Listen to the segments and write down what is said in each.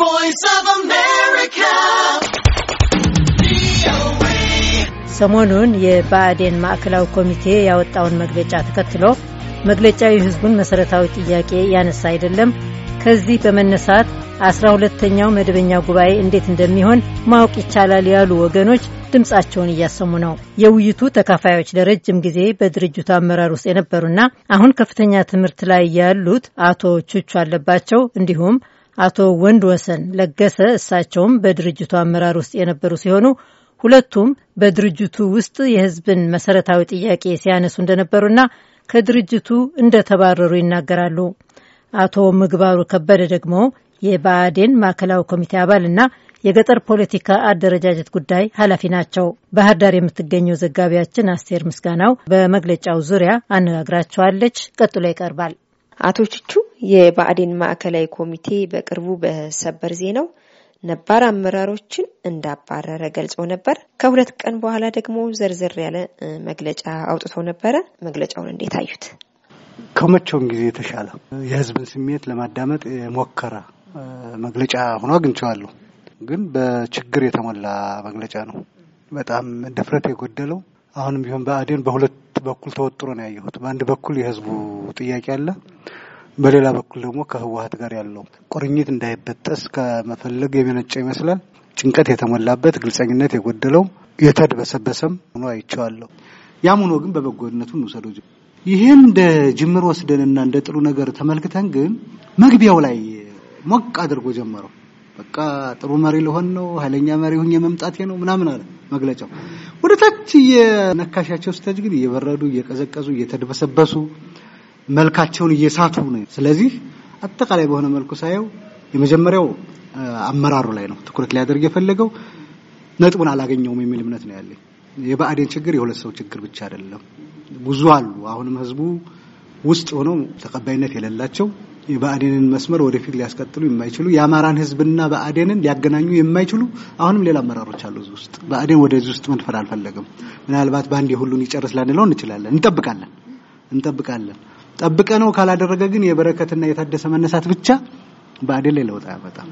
voice of America. ሰሞኑን የባዕዴን ማዕከላዊ ኮሚቴ ያወጣውን መግለጫ ተከትሎ መግለጫው የሕዝቡን መሠረታዊ ጥያቄ ያነሳ አይደለም፣ ከዚህ በመነሳት አስራ ሁለተኛው መደበኛ ጉባኤ እንዴት እንደሚሆን ማወቅ ይቻላል ያሉ ወገኖች ድምፃቸውን እያሰሙ ነው። የውይይቱ ተካፋዮች ለረጅም ጊዜ በድርጅቱ አመራር ውስጥ የነበሩና አሁን ከፍተኛ ትምህርት ላይ ያሉት አቶ ቹቹ አለባቸው እንዲሁም አቶ ወንድ ወሰን ለገሰ እሳቸውም በድርጅቱ አመራር ውስጥ የነበሩ ሲሆኑ ሁለቱም በድርጅቱ ውስጥ የሕዝብን መሰረታዊ ጥያቄ ሲያነሱ እንደነበሩና ከድርጅቱ እንደተባረሩ ይናገራሉ። አቶ ምግባሩ ከበደ ደግሞ የብአዴን ማዕከላዊ ኮሚቴ አባልና የገጠር ፖለቲካ አደረጃጀት ጉዳይ ኃላፊ ናቸው። ባህር ዳር የምትገኘው ዘጋቢያችን አስቴር ምስጋናው በመግለጫው ዙሪያ አነጋግራቸዋለች። ቀጥሎ ይቀርባል። አቶ ቹቹ የባዕዴን ማዕከላዊ ኮሚቴ በቅርቡ በሰበር ዜናው ነባር አመራሮችን እንዳባረረ ገልጾ ነበር። ከሁለት ቀን በኋላ ደግሞ ዘርዘር ያለ መግለጫ አውጥቶ ነበረ። መግለጫውን እንዴት አዩት? ከመቼውም ጊዜ የተሻለ የህዝብን ስሜት ለማዳመጥ የሞከረ መግለጫ ሆኖ አግኝቼዋለሁ። ግን በችግር የተሞላ መግለጫ ነው። በጣም ድፍረት የጎደለው አሁንም ቢሆን በአዴን በሁለት በኩል ተወጥሮ ነው ያየሁት። በአንድ በኩል የህዝቡ ጥያቄ አለ፣ በሌላ በኩል ደግሞ ከህወሀት ጋር ያለው ቁርኝት እንዳይበጠስ ከመፈለግ የሚነጨ ይመስላል። ጭንቀት የተሞላበት ግልጸኝነት የጎደለው የተድበሰበሰም ሆኖ አይቼዋለሁ። ያም ሆኖ ግን በበጎነቱ እንውሰደው። ይህን እንደ ጅምር ወስደንና እንደ ጥሩ ነገር ተመልክተን ግን መግቢያው ላይ ሞቅ አድርጎ ጀመረው። በቃ ጥሩ መሪ ልሆን ነው፣ ኃይለኛ መሪ ሁኜ መምጣቴ ነው ምናምን አለ። መግለጫው። ወደ ታች የነካሻቸው ስተጅ ግን እየበረዱ እየቀዘቀዙ እየተደበሰበሱ መልካቸውን እየሳቱ ነው። ስለዚህ አጠቃላይ በሆነ መልኩ ሳየው የመጀመሪያው አመራሩ ላይ ነው ትኩረት ሊያደርግ የፈለገው ነጥቡን አላገኘውም የሚል እምነት ነው ያለኝ። የብአዴን ችግር የሁለት ሰው ችግር ብቻ አይደለም፣ ብዙ አሉ። አሁንም ህዝቡ ውስጥ ሆነው ተቀባይነት የሌላቸው የብአዴንን መስመር ወደፊት ሊያስቀጥሉ የማይችሉ የአማራን ህዝብና ብአዴንን ሊያገናኙ የማይችሉ አሁንም ሌላ አመራሮች አሉ። እዚህ ውስጥ ብአዴን ወደዚህ ውስጥ መንፈር አልፈለግም። ምናልባት በአንድ የሁሉን ይጨርስ ላንለው እንችላለን። እንጠብቃለን እንጠብቃለን። ጠብቀ ነው ካላደረገ ግን የበረከትና የታደሰ መነሳት ብቻ ብአዴን ላይ ለውጥ አያመጣም።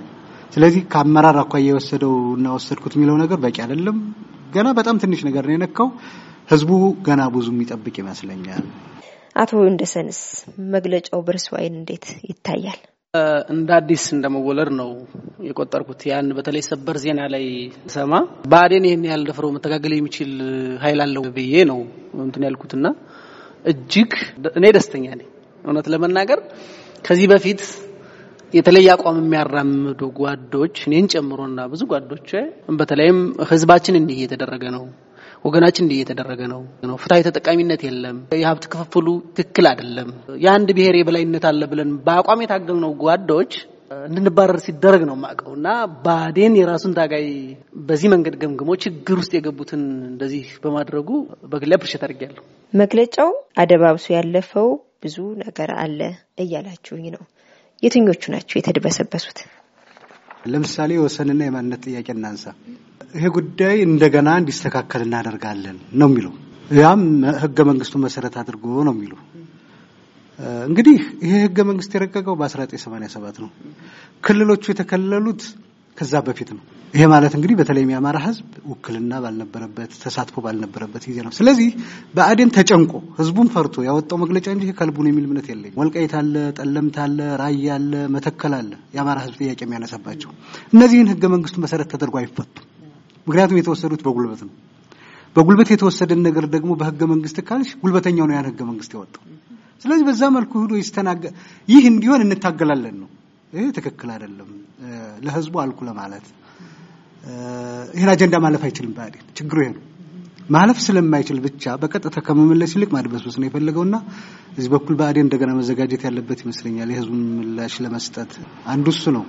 ስለዚህ ከአመራር አኳያ የወሰደው እና ወሰድኩት የሚለው ነገር በቂ አይደለም። ገና በጣም ትንሽ ነገር ነው የነካው። ህዝቡ ገና ብዙ የሚጠብቅ ይመስለኛል። አቶ እንደሰንስ መግለጫው በእርስ አይን እንዴት ይታያል? እንደ አዲስ እንደመወለድ ነው የቆጠርኩት። ያን በተለይ ሰበር ዜና ላይ ሰማ ብአዴን ይህን ያህል ደፍሮ መተጋገል የሚችል ኃይል አለው ብዬ ነው እንትን ያልኩትና እጅግ እኔ ደስተኛ ነኝ። እውነት ለመናገር ከዚህ በፊት የተለየ አቋም የሚያራምዱ ጓዶች እኔን ጨምሮና ብዙ ጓዶች በተለይም ህዝባችን እንዲህ እየተደረገ ነው ወገናችን እንዲህ እየተደረገ ነው ነው ፍትሐዊ ተጠቃሚነት የለም፣ የሀብት ክፍፍሉ ትክክል አይደለም፣ የአንድ ብሔር የበላይነት አለ ብለን በአቋም የታገልነው ጓዶች እንድንባረር ሲደረግ ነው ማቀው እና ባዴን የራሱን ታጋይ በዚህ መንገድ ገምግሞ ችግር ውስጥ የገቡትን እንደዚህ በማድረጉ በግሌ አፕሪሼት አድርጌያለሁ። መግለጫው አደባብሶ ያለፈው ብዙ ነገር አለ እያላችሁኝ ነው። የትኞቹ ናቸው የተደበሰበሱት? ለምሳሌ የወሰንና የማንነት ጥያቄ እናንሳ። ይሄ ጉዳይ እንደገና እንዲስተካከል እናደርጋለን ነው የሚለው። ያም ህገ መንግስቱ መሰረት አድርጎ ነው የሚለው። እንግዲህ ይሄ ህገ መንግስት የረቀቀው በ1987 ነው። ክልሎቹ የተከለሉት ከዛ በፊት ነው። ይሄ ማለት እንግዲህ በተለይም የአማራ ህዝብ ውክልና ባልነበረበት፣ ተሳትፎ ባልነበረበት ጊዜ ነው። ስለዚህ በአዴን ተጨንቆ ህዝቡን ፈርቶ ያወጣው መግለጫ እንጂ ከልቡን የሚል እምነት የለኝ። ወልቃይት አለ፣ ጠለምት አለ፣ ራያ አለ፣ መተከል አለ የአማራ ህዝብ ጥያቄ የሚያነሳባቸው እነዚህን ህገ መንግስቱ መሰረት ተደርጎ አይፈቱም። ምክንያቱም የተወሰዱት በጉልበት ነው። በጉልበት የተወሰደን ነገር ደግሞ በህገ መንግስት ካልሽ ጉልበተኛው ነው ያን ህገ መንግስት ያወጣው። ስለዚህ በዛ መልኩ ሄዶ ይስተናገ ይህ እንዲሆን እንታገላለን ነው። ይሄ ትክክል አይደለም። ለህዝቡ አልኩ ለማለት ይህን አጀንዳ ማለፍ አይችልም። ብአዴን ችግሩ ይሄ ነው። ማለፍ ስለማይችል ብቻ በቀጥታ ከመመለስ ይልቅ ማድበስበስ ነው የፈለገውና እዚህ በኩል ብአዴን እንደገና መዘጋጀት ያለበት ይመስለኛል። የህዝቡን ምላሽ ለመስጠት አንዱ እሱ ነው።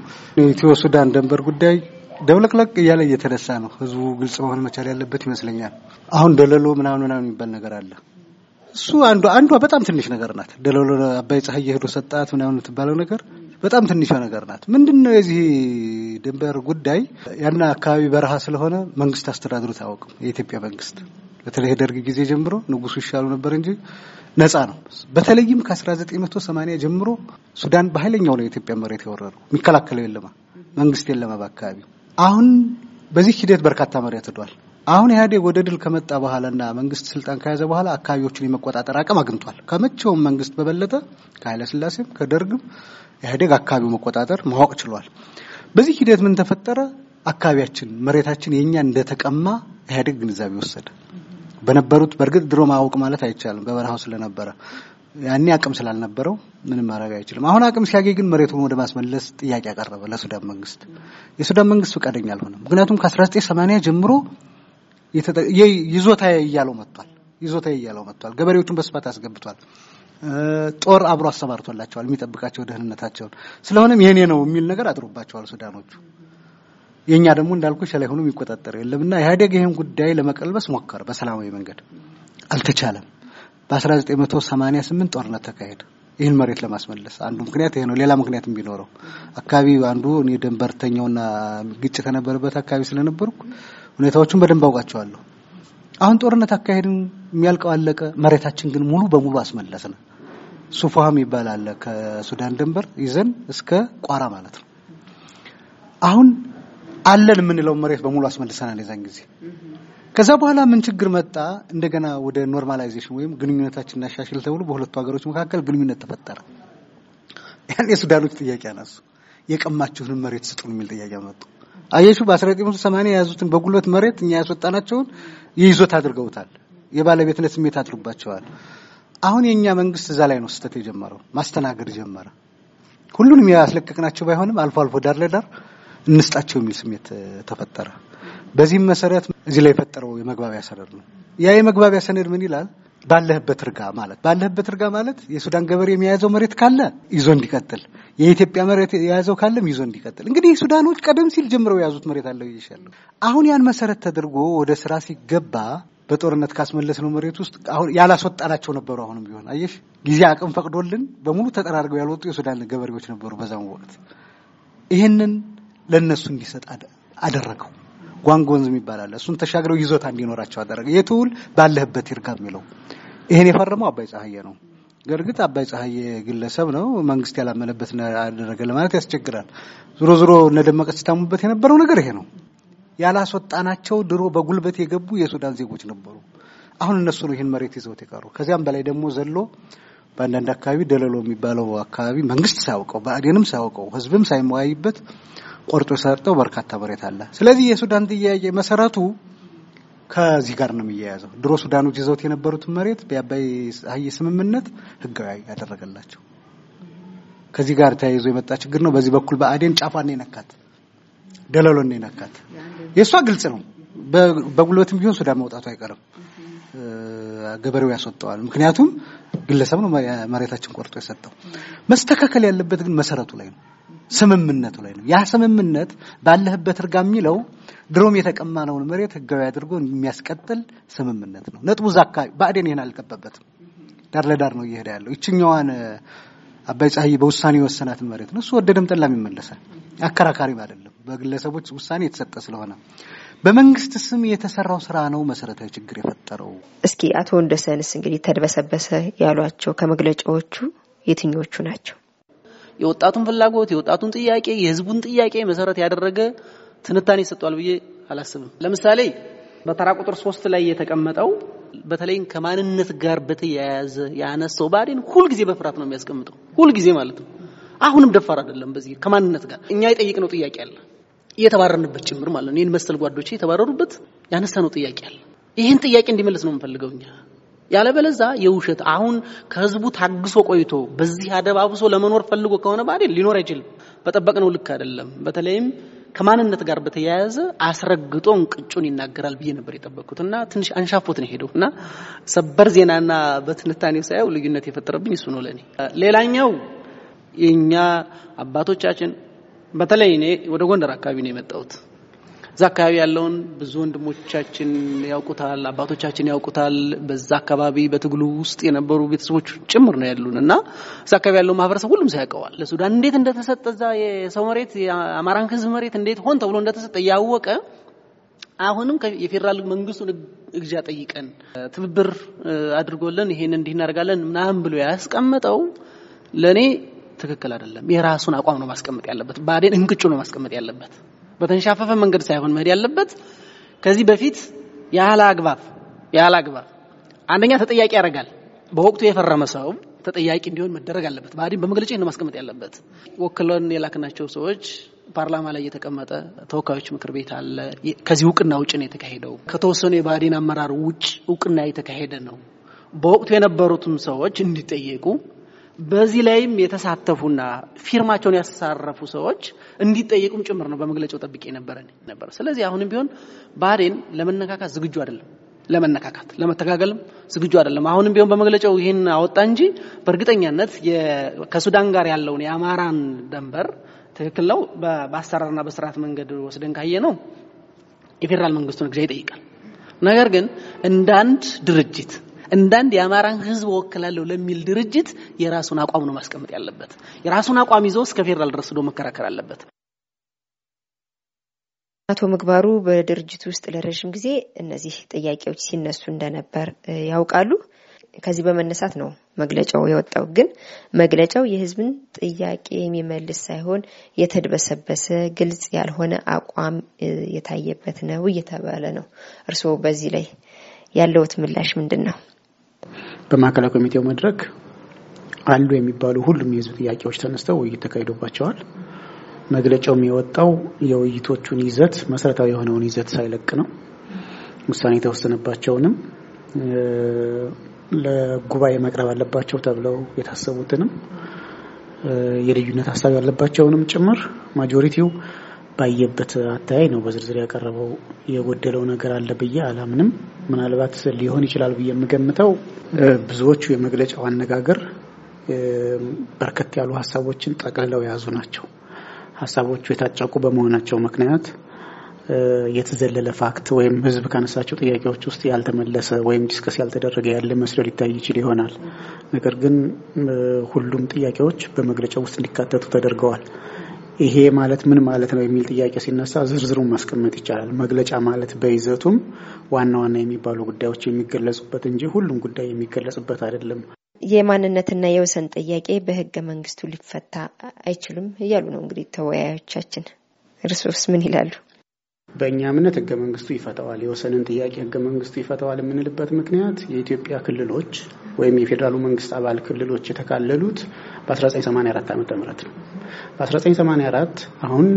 ኢትዮ ሱዳን ደንበር ጉዳይ ደብለቅለቅ እያለ እየተነሳ ነው። ህዝቡ ግልጽ መሆን መቻል ያለበት ይመስለኛል። አሁን ደለሎ ምናምን ምናምን የሚባል ነገር አለ። እሱ አንዷ አንዷ በጣም ትንሽ ነገር ናት። ደለሎ አባይ ፀሐይ የሄዶ ሰጣት ምናምን የምትባለው ነገር በጣም ትንሿ ነገር ናት። ምንድን ነው የዚህ ድንበር ጉዳይ ያን አካባቢ በረሃ ስለሆነ መንግስት አስተዳድሩ ታወቅም። የኢትዮጵያ መንግስት በተለይ ደርግ ጊዜ ጀምሮ ንጉሱ ይሻሉ ነበር እንጂ ነጻ ነው። በተለይም ከ1980 ጀምሮ ሱዳን በኃይለኛው ነው የኢትዮጵያ መሬት የወረረው። የሚከላከለው የለማ መንግስት የለማ በአካባቢው አሁን በዚህ ሂደት በርካታ መሪያ ተዷል። አሁን ኢህአዴግ ወደ ድል ከመጣ በኋላና መንግስት ስልጣን ከያዘ በኋላ አካባቢዎችን የመቆጣጠር አቅም አግኝቷል። ከመቼውም መንግስት በበለጠ ስላሴም ከደርግም ኢህአዴግ አካባቢው መቆጣጠር ማወቅ ችሏል። በዚህ ሂደት ምን ተፈጠረ? አካባቢያችን መሬታችን የኛ እንደተቀማ ኢህአዴግ ግንዛቤ ወሰደ። በነበሩት በእርግጥ ድሮ ማወቅ ማለት አይቻልም፣ በበረሃው ስለነበረ ያኔ አቅም ስላልነበረው ምንም ማድረግ አይችልም። አሁን አቅም ሲያገኝ ግን መሬቱን ወደ ማስመለስ ጥያቄ ያቀረበ ለሱዳን መንግስት። የሱዳን መንግስት ፈቃደኛ አልሆነም። ምክንያቱም ከ1980 ጀምሮ ይዞታ እያለው መጥቷል። ይዞታ እያለው መጥቷል። ገበሬዎቹን በስፋት አስገብቷል። ጦር አብሮ አሰማርቶላቸዋል የሚጠብቃቸው ደህንነታቸውን። ስለሆነም የኔ ነው የሚል ነገር አጥሩባቸዋል ሱዳኖቹ። የእኛ ደግሞ እንዳልኩ ላይ ሆኖ የሚቆጣጠር የለምና ኢህአዴግ ይህን ጉዳይ ለመቀልበስ ሞከረ በሰላማዊ መንገድ፣ አልተቻለም። በ1988 ጦርነት ተካሄደ። ይህን መሬት ለማስመለስ አንዱ ምክንያት ይሄ ነው። ሌላ ምክንያት ቢኖረው አካባቢ አንዱ እኔ ግጭ ግጭት የነበረበት አካባቢ ስለነበርኩ ሁኔታዎቹን በደንብ አውቃቸዋለሁ። አሁን ጦርነት አካሄድን የሚያልቀው አለቀ። መሬታችን ግን ሙሉ በሙሉ አስመለስ። ነው። ሱፋሃም ይባላል ከሱዳን ድንበር ይዘን እስከ ቋራ ማለት ነው። አሁን አለን የምንለው መሬት በሙሉ አስመልሰናል የዛን ጊዜ ከዛ በኋላ ምን ችግር መጣ? እንደገና ወደ ኖርማላይዜሽን ወይም ግንኙነታችን እናሻሽል ተብሎ በሁለቱ ሀገሮች መካከል ግንኙነት ተፈጠረ። ያኔ የሱዳኖች ጥያቄ አነሱ። የቀማችሁንም መሬት ስጡን የሚል ጥያቄ መጡ አየሹ በ1980 የያዙትን በጉልበት መሬት እኛ ያስወጣናቸውን የይዞት አድርገውታል። የባለቤትነት ስሜት አድሩባቸዋል። አሁን የኛ መንግስት እዛ ላይ ነው ስህተት የጀመረው። ማስተናገድ ጀመረ። ሁሉንም ያስለቀቅናቸው ባይሆንም አልፎ አልፎ ዳር ለዳር እንስጣቸው የሚል ስሜት ተፈጠረ። በዚህም መሰረት እዚህ ላይ የፈጠረው የመግባቢያ ሰነድ ነው። ያ የመግባቢያ ሰነድ ምን ይላል? ባለህበት እርጋ ማለት ባለህበት እርጋ ማለት የሱዳን ገበሬ የሚያዘው መሬት ካለ ይዞ እንዲቀጥል፣ የኢትዮጵያ መሬት የያዘው ካለም ይዞ እንዲቀጥል። እንግዲህ ሱዳኖች ቀደም ሲል ጀምረው የያዙት መሬት አለው ይሻለሁ። አሁን ያን መሰረት ተደርጎ ወደ ስራ ሲገባ በጦርነት ካስመለስ ነው መሬት ውስጥ አሁን ያላስወጣናቸው ነበሩ። አሁንም ቢሆን አየሽ ጊዜ አቅም ፈቅዶልን በሙሉ ተጠራርገው ያልወጡ የሱዳን ገበሬዎች ነበሩ በዛም ወቅት። ይህንን ለእነሱ እንዲሰጥ አደረገው። ጓንግ ወንዝ የሚባል አለ። እሱን ተሻግረው ይዞታ እንዲኖራቸው አደረገ። የትውል ባለህበት ይርጋ የሚለው ይሄን የፈረመው አባይ ፀሐየ ነው። እርግጥ አባይ ፀሐዬ ግለሰብ ነው፣ መንግስት ያላመነበት አደረገ ለማለት ያስቸግራል። ዞሮ ዞሮ እነደመቀ ሲታሙበት የነበረው ነገር ይሄ ነው። ያላስወጣናቸው ድሮ በጉልበት የገቡ የሱዳን ዜጎች ነበሩ። አሁን እነሱ ነው ይህን መሬት ይዘውት የቀሩ። ከዚያም በላይ ደግሞ ዘሎ በአንዳንድ አካባቢ ደለሎ የሚባለው አካባቢ መንግስት ሳያውቀው፣ ብአዴንም ሳያውቀው፣ ህዝብም ሳይመዋይበት ቆርጦ ሰርጠው በርካታ መሬት አለ። ስለዚህ የሱዳን ጥያቄ መሰረቱ ከዚህ ጋር ነው የሚያያዘው። ድሮ ሱዳኖች ይዘውት የነበሩትን መሬት በአባይ አህይ ስምምነት ህጋዊ ያደረገላቸው ከዚህ ጋር ተያይዞ የመጣ ችግር ነው። በዚህ በኩል በአዴን ጫፏን ነው የነካት፣ ደለሎ ነው የነካት። የእሷ ግልጽ ነው። በጉልበትም ቢሆን ሱዳን መውጣቱ አይቀርም። ገበሬው ያስወጠዋል ምክንያቱም ግለሰብ ነው መሬታችን ቆርጦ የሰጠው። መስተካከል ያለበት ግን መሰረቱ ላይ ነው። ስምምነቱ ላይ ነው። ያ ስምምነት ባለህበት እርጋ የሚለው ድሮም የተቀማነውን መሬት ህጋዊ አድርጎ የሚያስቀጥል ስምምነት ነው። ነጥቡ እዛ አካባቢ ብአዴን ይህን አልቀበበትም። ዳር ለዳር ነው እየሄደ ያለው። ይችኛዋን አባይ ፀሐይ በውሳኔ የወሰናትን መሬት ነው እሱ ወደደም ጠላም ይመለሳል። አከራካሪም አይደለም። በግለሰቦች ውሳኔ የተሰጠ ስለሆነ በመንግስት ስም የተሰራው ስራ ነው መሰረታዊ ችግር የፈጠረው። እስኪ አቶ ወንደሰንስ እንግዲህ ተድበሰበሰ ያሏቸው ከመግለጫዎቹ የትኞቹ ናቸው? የወጣቱን ፍላጎት፣ የወጣቱን ጥያቄ፣ የህዝቡን ጥያቄ መሰረት ያደረገ ትንታኔ ይሰጠዋል ብዬ አላስብም። ለምሳሌ በተራ ቁጥር ሶስት ላይ የተቀመጠው በተለይም ከማንነት ጋር በተያያዘ ያነሳው ባዴን ሁልጊዜ በፍርሃት ነው የሚያስቀምጠው፣ ሁልጊዜ ማለት ነው። አሁንም ደፋር አይደለም። በዚህ ከማንነት ጋር እኛ የጠየቅነው ጥያቄ አለ፣ እየተባረርንበት ጭምር ማለት ነው። ይህን መሰል ጓዶቼ የተባረሩበት ያነሳነው ጥያቄ አለ። ይህን ጥያቄ እንዲመለስ ነው የምፈልገው እኛ ያለበለዛ የውሸት አሁን ከህዝቡ ታግሶ ቆይቶ በዚህ አደባብሶ ለመኖር ፈልጎ ከሆነ ባዴን ሊኖር አይችልም። በጠበቅነው ልክ አይደለም። በተለይም ከማንነት ጋር በተያያዘ አስረግጦ እንቅጩን ይናገራል ብዬ ነበር የጠበቅኩት እና ትንሽ አንሻፎት ነው ሄደው እና ሰበር ዜናና በትንታኔው ሳየው ልዩነት የፈጠረብኝ እሱ ነው ለእኔ። ሌላኛው የእኛ አባቶቻችን በተለይ እኔ ወደ ጎንደር አካባቢ ነው የመጣሁት እዛ አካባቢ ያለውን ብዙ ወንድሞቻችን ያውቁታል፣ አባቶቻችን ያውቁታል። በዛ አካባቢ በትግሉ ውስጥ የነበሩ ቤተሰቦች ጭምር ነው ያሉን እና እዛ አካባቢ ያለው ማህበረሰብ ሁሉም ያውቀዋል። ለሱዳን እንዴት እንደተሰጠ እዛ የሰው መሬት የአማራን ህዝብ መሬት እንዴት ሆን ተብሎ እንደተሰጠ እያወቀ አሁንም የፌዴራል መንግስቱን እግዣ ጠይቀን ትብብር አድርጎልን ይሄን እንዲህ እናደርጋለን ምናምን ብሎ ያስቀመጠው ለእኔ ትክክል አይደለም። የራሱን አቋም ነው ማስቀመጥ ያለበት። ብአዴን እንቅጩ ነው ማስቀመጥ ያለበት። በተንሻፈፈ መንገድ ሳይሆን መሄድ ያለበት ከዚህ በፊት ያህል አግባብ ያህል አግባብ አንደኛ ተጠያቂ ያደርጋል። በወቅቱ የፈረመ ሰው ተጠያቂ እንዲሆን መደረግ አለበት። ብአዴን በመግለጫ ነው ማስቀመጥ ያለበት። ወክለን የላክናቸው ሰዎች ፓርላማ ላይ የተቀመጠ ተወካዮች ምክር ቤት አለ። ከዚህ እውቅና ውጭ ነው የተካሄደው። ከተወሰኑ የብአዴን አመራር ውጭ እውቅና የተካሄደ ነው። በወቅቱ የነበሩትም ሰዎች እንዲጠየቁ በዚህ ላይም የተሳተፉና ፊርማቸውን ያሳረፉ ሰዎች እንዲጠየቁም ጭምር ነው በመግለጫው ጠብቄ ነበረ ነበር። ስለዚህ አሁንም ቢሆን ባህሬን ለመነካካት ዝግጁ አይደለም፣ ለመነካካት ለመተጋገልም ዝግጁ አይደለም። አሁንም ቢሆን በመግለጫው ይህን አወጣ እንጂ በእርግጠኛነት ከሱዳን ጋር ያለውን የአማራን ደንበር ትክክል ነው በአሰራርና በስርዓት መንገድ ወስደን ካየ ነው የፌዴራል መንግስቱን እገዛ ይጠይቃል። ነገር ግን እንዳንድ ድርጅት እንዳንድ የአማራን ህዝብ ወክላለሁ ለሚል ድርጅት የራሱን አቋም ነው ማስቀመጥ ያለበት። የራሱን አቋም ይዞ እስከ ፌዴራል ድረስ ዶ መከራከር አለበት። አቶ ምግባሩ በድርጅቱ ውስጥ ለረዥም ጊዜ እነዚህ ጥያቄዎች ሲነሱ እንደነበር ያውቃሉ። ከዚህ በመነሳት ነው መግለጫው የወጣው። ግን መግለጫው የህዝብን ጥያቄ የሚመልስ ሳይሆን የተድበሰበሰ ግልጽ ያልሆነ አቋም የታየበት ነው እየተባለ ነው። እርስዎ በዚህ ላይ ያለውት ምላሽ ምንድን ነው? በማዕከላዊ ኮሚቴው መድረክ አሉ የሚባሉ ሁሉም የህዝብ ጥያቄዎች ተነስተው ውይይት ተካሂዶባቸዋል። መግለጫውም የወጣው የውይይቶቹን ይዘት መሰረታዊ የሆነውን ይዘት ሳይለቅ ነው። ውሳኔ የተወሰነባቸውንም ለጉባኤ መቅረብ አለባቸው ተብለው የታሰቡትንም የልዩነት ሀሳብ ያለባቸውንም ጭምር ማጆሪቲው ባየበት አተያይ ነው በዝርዝር ያቀረበው። የጎደለው ነገር አለ ብዬ አላምንም። ምናልባት ሊሆን ይችላል ብዬ የምገምተው ብዙዎቹ የመግለጫው አነጋገር በርከት ያሉ ሀሳቦችን ጠቅልለው የያዙ ናቸው። ሀሳቦቹ የታጨቁ በመሆናቸው ምክንያት የተዘለለ ፋክት ወይም ህዝብ ካነሳቸው ጥያቄዎች ውስጥ ያልተመለሰ ወይም ዲስከስ ያልተደረገ ያለ መስሎ ሊታይ ይችል ይሆናል። ነገር ግን ሁሉም ጥያቄዎች በመግለጫው ውስጥ እንዲካተቱ ተደርገዋል። ይሄ ማለት ምን ማለት ነው የሚል ጥያቄ ሲነሳ ዝርዝሩን ማስቀመጥ ይቻላል። መግለጫ ማለት በይዘቱም ዋና ዋና የሚባሉ ጉዳዮች የሚገለጹበት እንጂ ሁሉም ጉዳይ የሚገለጽበት አይደለም። የማንነትና የወሰን ጥያቄ በህገ መንግስቱ ሊፈታ አይችልም እያሉ ነው እንግዲህ ተወያዮቻችን። እርሶስ ምን ይላሉ? በእኛ እምነት ህገ መንግስቱ ይፈተዋል። የወሰንን ጥያቄ ህገ መንግስቱ ይፈተዋል የምንልበት ምክንያት የኢትዮጵያ ክልሎች ወይም የፌዴራሉ መንግስት አባል ክልሎች የተካለሉት በ1984 ዓ ም ነው። በ1984 አሁን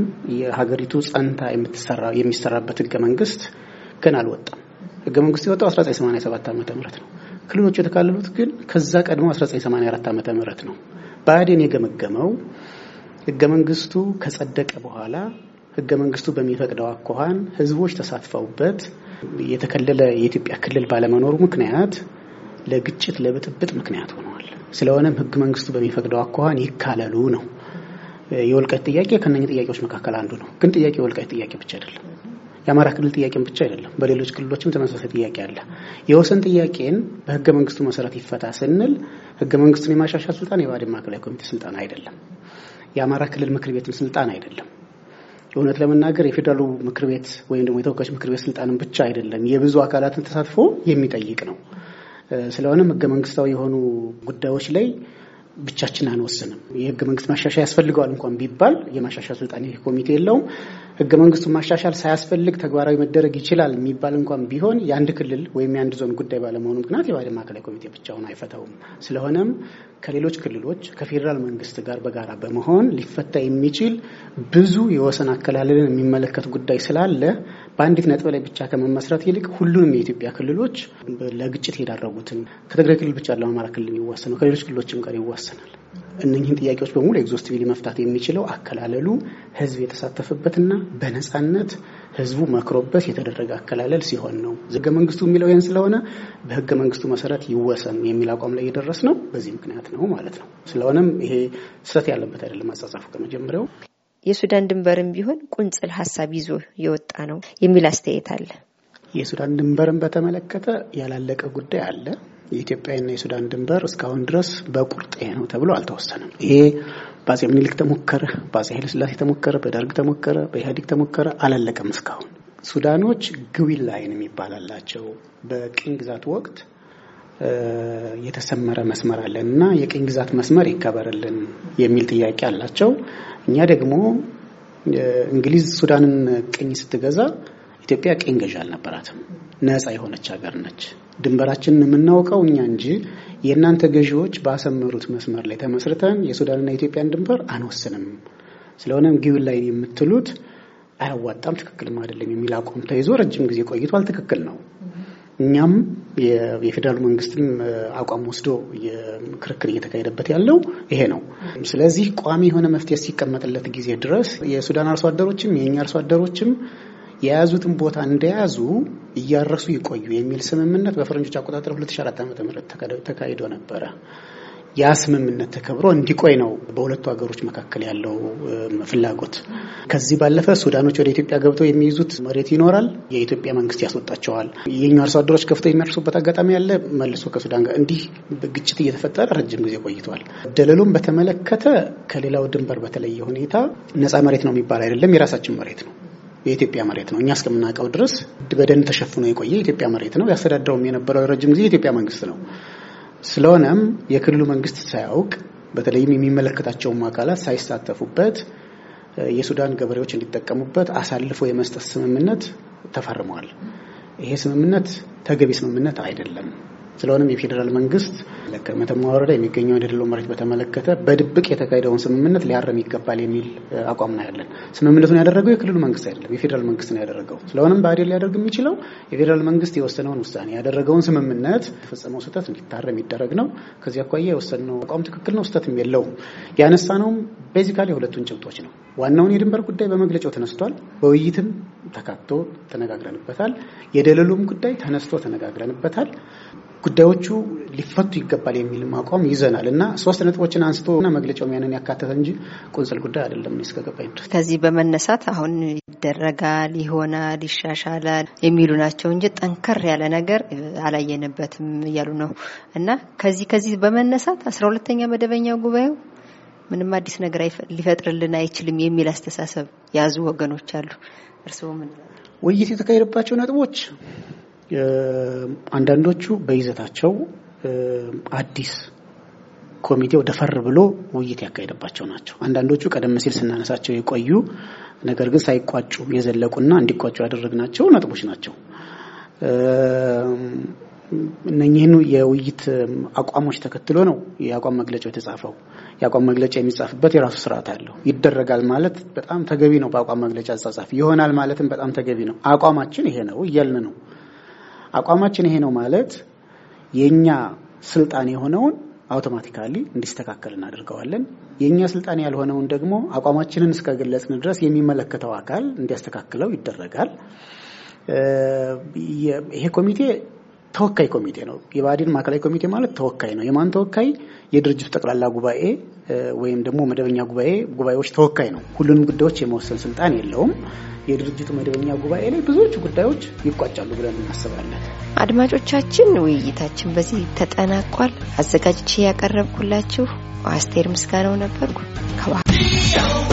የሀገሪቱ ጸንታ የሚሰራበት ህገ መንግስት ግን አልወጣም። ህገ መንግስቱ የወጣው 1987 ዓ ም ነው። ክልሎች የተካለሉት ግን ከዛ ቀድሞ 1984 ዓ ም ነው። ብአዴን የገመገመው ህገ መንግስቱ ከጸደቀ በኋላ ህገ መንግስቱ በሚፈቅደው አኳኋን ህዝቦች ተሳትፈውበት የተከለለ የኢትዮጵያ ክልል ባለመኖሩ ምክንያት ለግጭት ለብጥብጥ ምክንያት ሆነዋል። ስለሆነም ህገ መንግስቱ በሚፈቅደው አኳኋን ይካለሉ ነው። የወልቃይት ጥያቄ ከነኝ ጥያቄዎች መካከል አንዱ ነው። ግን ጥያቄ የወልቃይት ጥያቄ ብቻ አይደለም። የአማራ ክልል ጥያቄም ብቻ አይደለም። በሌሎች ክልሎችም ተመሳሳይ ጥያቄ አለ። የወሰን ጥያቄን በህገ መንግስቱ መሰረት ይፈታ ስንል ህገ መንግስቱን የማሻሻል ስልጣን የባዴን ማዕከላዊ ኮሚቴ ስልጣን አይደለም። የአማራ ክልል ምክር ቤትም ስልጣን አይደለም። እውነት ለመናገር የፌዴራሉ ምክር ቤት ወይም ደግሞ የተወካዮች ምክር ቤት ስልጣንን ብቻ አይደለም የብዙ አካላትን ተሳትፎ የሚጠይቅ ነው። ስለሆነም ህገ መንግስታዊ የሆኑ ጉዳዮች ላይ ብቻችን አንወስንም። የህገ መንግስት ማሻሻያ ያስፈልገዋል እንኳን ቢባል የማሻሻያ ስልጣን ይህ ኮሚቴ የለውም። ህገ መንግስቱ ማሻሻል ሳያስፈልግ ተግባራዊ መደረግ ይችላል የሚባል እንኳን ቢሆን የአንድ ክልል ወይም የአንድ ዞን ጉዳይ ባለመሆኑ ምክንያት የባህደ ማዕከላዊ ኮሚቴ ብቻውን አይፈታውም። ስለሆነም ከሌሎች ክልሎች ከፌዴራል መንግስት ጋር በጋራ በመሆን ሊፈታ የሚችል ብዙ የወሰን አከላለልን የሚመለከት ጉዳይ ስላለ በአንዲት ነጥብ ላይ ብቻ ከመመስረት ይልቅ ሁሉንም የኢትዮጵያ ክልሎች ለግጭት የዳረጉትን ከትግራይ ክልል ብቻ ለአማራ ክልል የሚዋሰነው ከሌሎች ክልሎችም ጋር ይዋሰናል። እነኝህን ጥያቄዎች በሙሉ ኤግዞስቲቪሊ መፍታት የሚችለው አከላለሉ ህዝብ የተሳተፈበትና በነፃነት ህዝቡ መክሮበት የተደረገ አከላለል ሲሆን ነው። ህገ መንግስቱ የሚለው ይህን ስለሆነ በህገ መንግስቱ መሰረት ይወሰን የሚል አቋም ላይ የደረስ ነው። በዚህ ምክንያት ነው ማለት ነው። ስለሆነም ይሄ ስህተት ያለበት አይደለም አጻጻፉ ከመጀመሪያው የሱዳን ድንበርም ቢሆን ቁንጽል ሀሳብ ይዞ የወጣ ነው የሚል አስተያየት አለ። የሱዳን ድንበርን በተመለከተ ያላለቀ ጉዳይ አለ። የኢትዮጵያና የሱዳን ድንበር እስካሁን ድረስ በቁርጥ ነው ተብሎ አልተወሰነም። ይሄ በአጼ ምኒልክ ተሞከረ፣ በአጼ ኃይለስላሴ ተሞከረ፣ በደርግ ተሞከረ፣ በኢህአዴግ ተሞከረ፣ አላለቀም እስካሁን። ሱዳኖች ግዊን ላይን የሚባላላቸው በቅኝ ግዛት ወቅት የተሰመረ መስመር አለን እና የቅኝ ግዛት መስመር ይከበርልን የሚል ጥያቄ አላቸው። እኛ ደግሞ እንግሊዝ ሱዳንን ቅኝ ስትገዛ ኢትዮጵያ ቅኝ ገዢ አልነበራትም። ነጻ የሆነች ሀገር ነች። ድንበራችንን የምናውቀው እኛ እንጂ የእናንተ ገዢዎች ባሰመሩት መስመር ላይ ተመስርተን የሱዳንና የኢትዮጵያን ድንበር አንወስንም። ስለሆነም ጊውን ላይ የምትሉት አያዋጣም፣ ትክክልም አይደለም የሚል አቋም ተይዞ ረጅም ጊዜ ቆይቷል። ትክክል ነው። እኛም የፌዴራል መንግስትም አቋም ወስዶ ክርክር እየተካሄደበት ያለው ይሄ ነው። ስለዚህ ቋሚ የሆነ መፍትሄ ሲቀመጥለት ጊዜ ድረስ የሱዳን አርሶ አደሮችም የእኛ አርሶ አደሮችም የያዙትን ቦታ እንደያዙ እያረሱ ይቆዩ የሚል ስምምነት በፈረንጆች አቆጣጠር 2004 ም ተካሂዶ ነበረ። ያ ስምምነት ተከብሮ እንዲቆይ ነው በሁለቱ ሀገሮች መካከል ያለው ፍላጎት። ከዚህ ባለፈ ሱዳኖች ወደ ኢትዮጵያ ገብተው የሚይዙት መሬት ይኖራል። የኢትዮጵያ መንግስት ያስወጣቸዋል። የኛ አርሶ አደሮች ከፍተው የሚያርሱበት አጋጣሚ ያለ መልሶ ከሱዳን ጋር እንዲህ ግጭት እየተፈጠረ ረጅም ጊዜ ቆይቷል። ደለሉን በተመለከተ ከሌላው ድንበር በተለየ ሁኔታ ነፃ መሬት ነው የሚባል አይደለም። የራሳችን መሬት ነው የኢትዮጵያ መሬት ነው። እኛ እስከምናውቀው ድረስ በደን ተሸፍኖ የቆየ የኢትዮጵያ መሬት ነው። ያስተዳድረውም የነበረው ረጅም ጊዜ የኢትዮጵያ መንግስት ነው። ስለሆነም የክልሉ መንግስት ሳያውቅ በተለይም የሚመለከታቸውም አካላት ሳይሳተፉበት የሱዳን ገበሬዎች እንዲጠቀሙበት አሳልፎ የመስጠት ስምምነት ተፈርሟል። ይሄ ስምምነት ተገቢ ስምምነት አይደለም። ስለሆነም የፌዴራል መንግስት መተማ ወረዳ የሚገኘው የደለው መሬት በተመለከተ በድብቅ የተካሄደውን ስምምነት ሊያረም ይገባል የሚል አቋም ነው ያለን። ስምምነቱን ያደረገው የክልሉ መንግስት አይደለም፣ የፌዴራል መንግስት ነው ያደረገው። ስለሆነም ብአዴን ሊያደርግ የሚችለው የፌዴራል መንግስት የወሰነውን ውሳኔ ያደረገውን ስምምነት የተፈጸመው ስህተት እንዲታረም ይደረግ ነው። ከዚህ አኳያ የወሰነው አቋም ትክክል ነው፣ ስህተትም የለውም። ነውም ቤዚካሊ የሁለቱን ጭብጦች ነው። ዋናውን የድንበር ጉዳይ በመግለጫው ተነስቷል። በውይይትም ተካቶ ተነጋግረንበታል። የደለሉም ጉዳይ ተነስቶ ተነጋግረንበታል። ጉዳዮቹ ሊፈቱ ይገባል የሚልም አቋም ይዘናል እና ሶስት ነጥቦችን አንስቶ እና መግለጫው ያንን ያካተተ እንጂ ቁንጽል ጉዳይ አይደለም እስከገባኝ ድረስ። ከዚህ በመነሳት አሁን ይደረጋል፣ ይሆናል፣ ይሻሻላል የሚሉ ናቸው እንጂ ጠንከር ያለ ነገር አላየንበትም እያሉ ነው እና ከዚህ ከዚህ በመነሳት አስራ ሁለተኛ መደበኛ ጉባኤው ምንም አዲስ ነገር ሊፈጥርልን አይችልም የሚል አስተሳሰብ የያዙ ወገኖች አሉ። እርስዎ ምን ውይይት የተካሄደባቸው ነጥቦች አንዳንዶቹ በይዘታቸው አዲስ ወደ ፈር ብሎ ውይይት ያካሄደባቸው ናቸው። አንዳንዶቹ ቀደም ሲል ስናነሳቸው የቆዩ ነገር ግን ሳይቋጩ የዘለቁና እንዲቋጩ ያደረግናቸው ነጥቦች ናቸው። እነኚህን የውይይት አቋሞች ተከትሎ ነው የአቋም መግለጫው የተጻፈው። የአቋም መግለጫ የሚጻፍበት የራሱ ስርዓት አለው። ይደረጋል ማለት በጣም ተገቢ ነው። በአቋም መግለጫ አጻጻፍ ይሆናል ማለትም በጣም ተገቢ ነው። አቋማችን ይሄ ነው እያልን ነው አቋማችን ይሄ ነው ማለት የኛ ስልጣን የሆነውን አውቶማቲካሊ እንዲስተካከል እናደርገዋለን። የእኛ ስልጣን ያልሆነውን ደግሞ አቋማችንን እስከገለጽን ድረስ የሚመለከተው አካል እንዲያስተካክለው ይደረጋል። ይሄ ኮሚቴ ተወካይ ኮሚቴ ነው። የብአዴን ማዕከላዊ ኮሚቴ ማለት ተወካይ ነው። የማን ተወካይ? የድርጅቱ ጠቅላላ ጉባኤ ወይም ደግሞ መደበኛ ጉባኤ ጉባኤዎች ተወካይ ነው። ሁሉንም ጉዳዮች የመወሰን ስልጣን የለውም። የድርጅቱ መደበኛ ጉባኤ ላይ ብዙዎቹ ጉዳዮች ይቋጫሉ ብለን እናስባለን። አድማጮቻችን፣ ውይይታችን በዚህ ተጠናቋል። አዘጋጅቼ ያቀረብኩላችሁ አስቴር ምስጋናው ነበርኩ።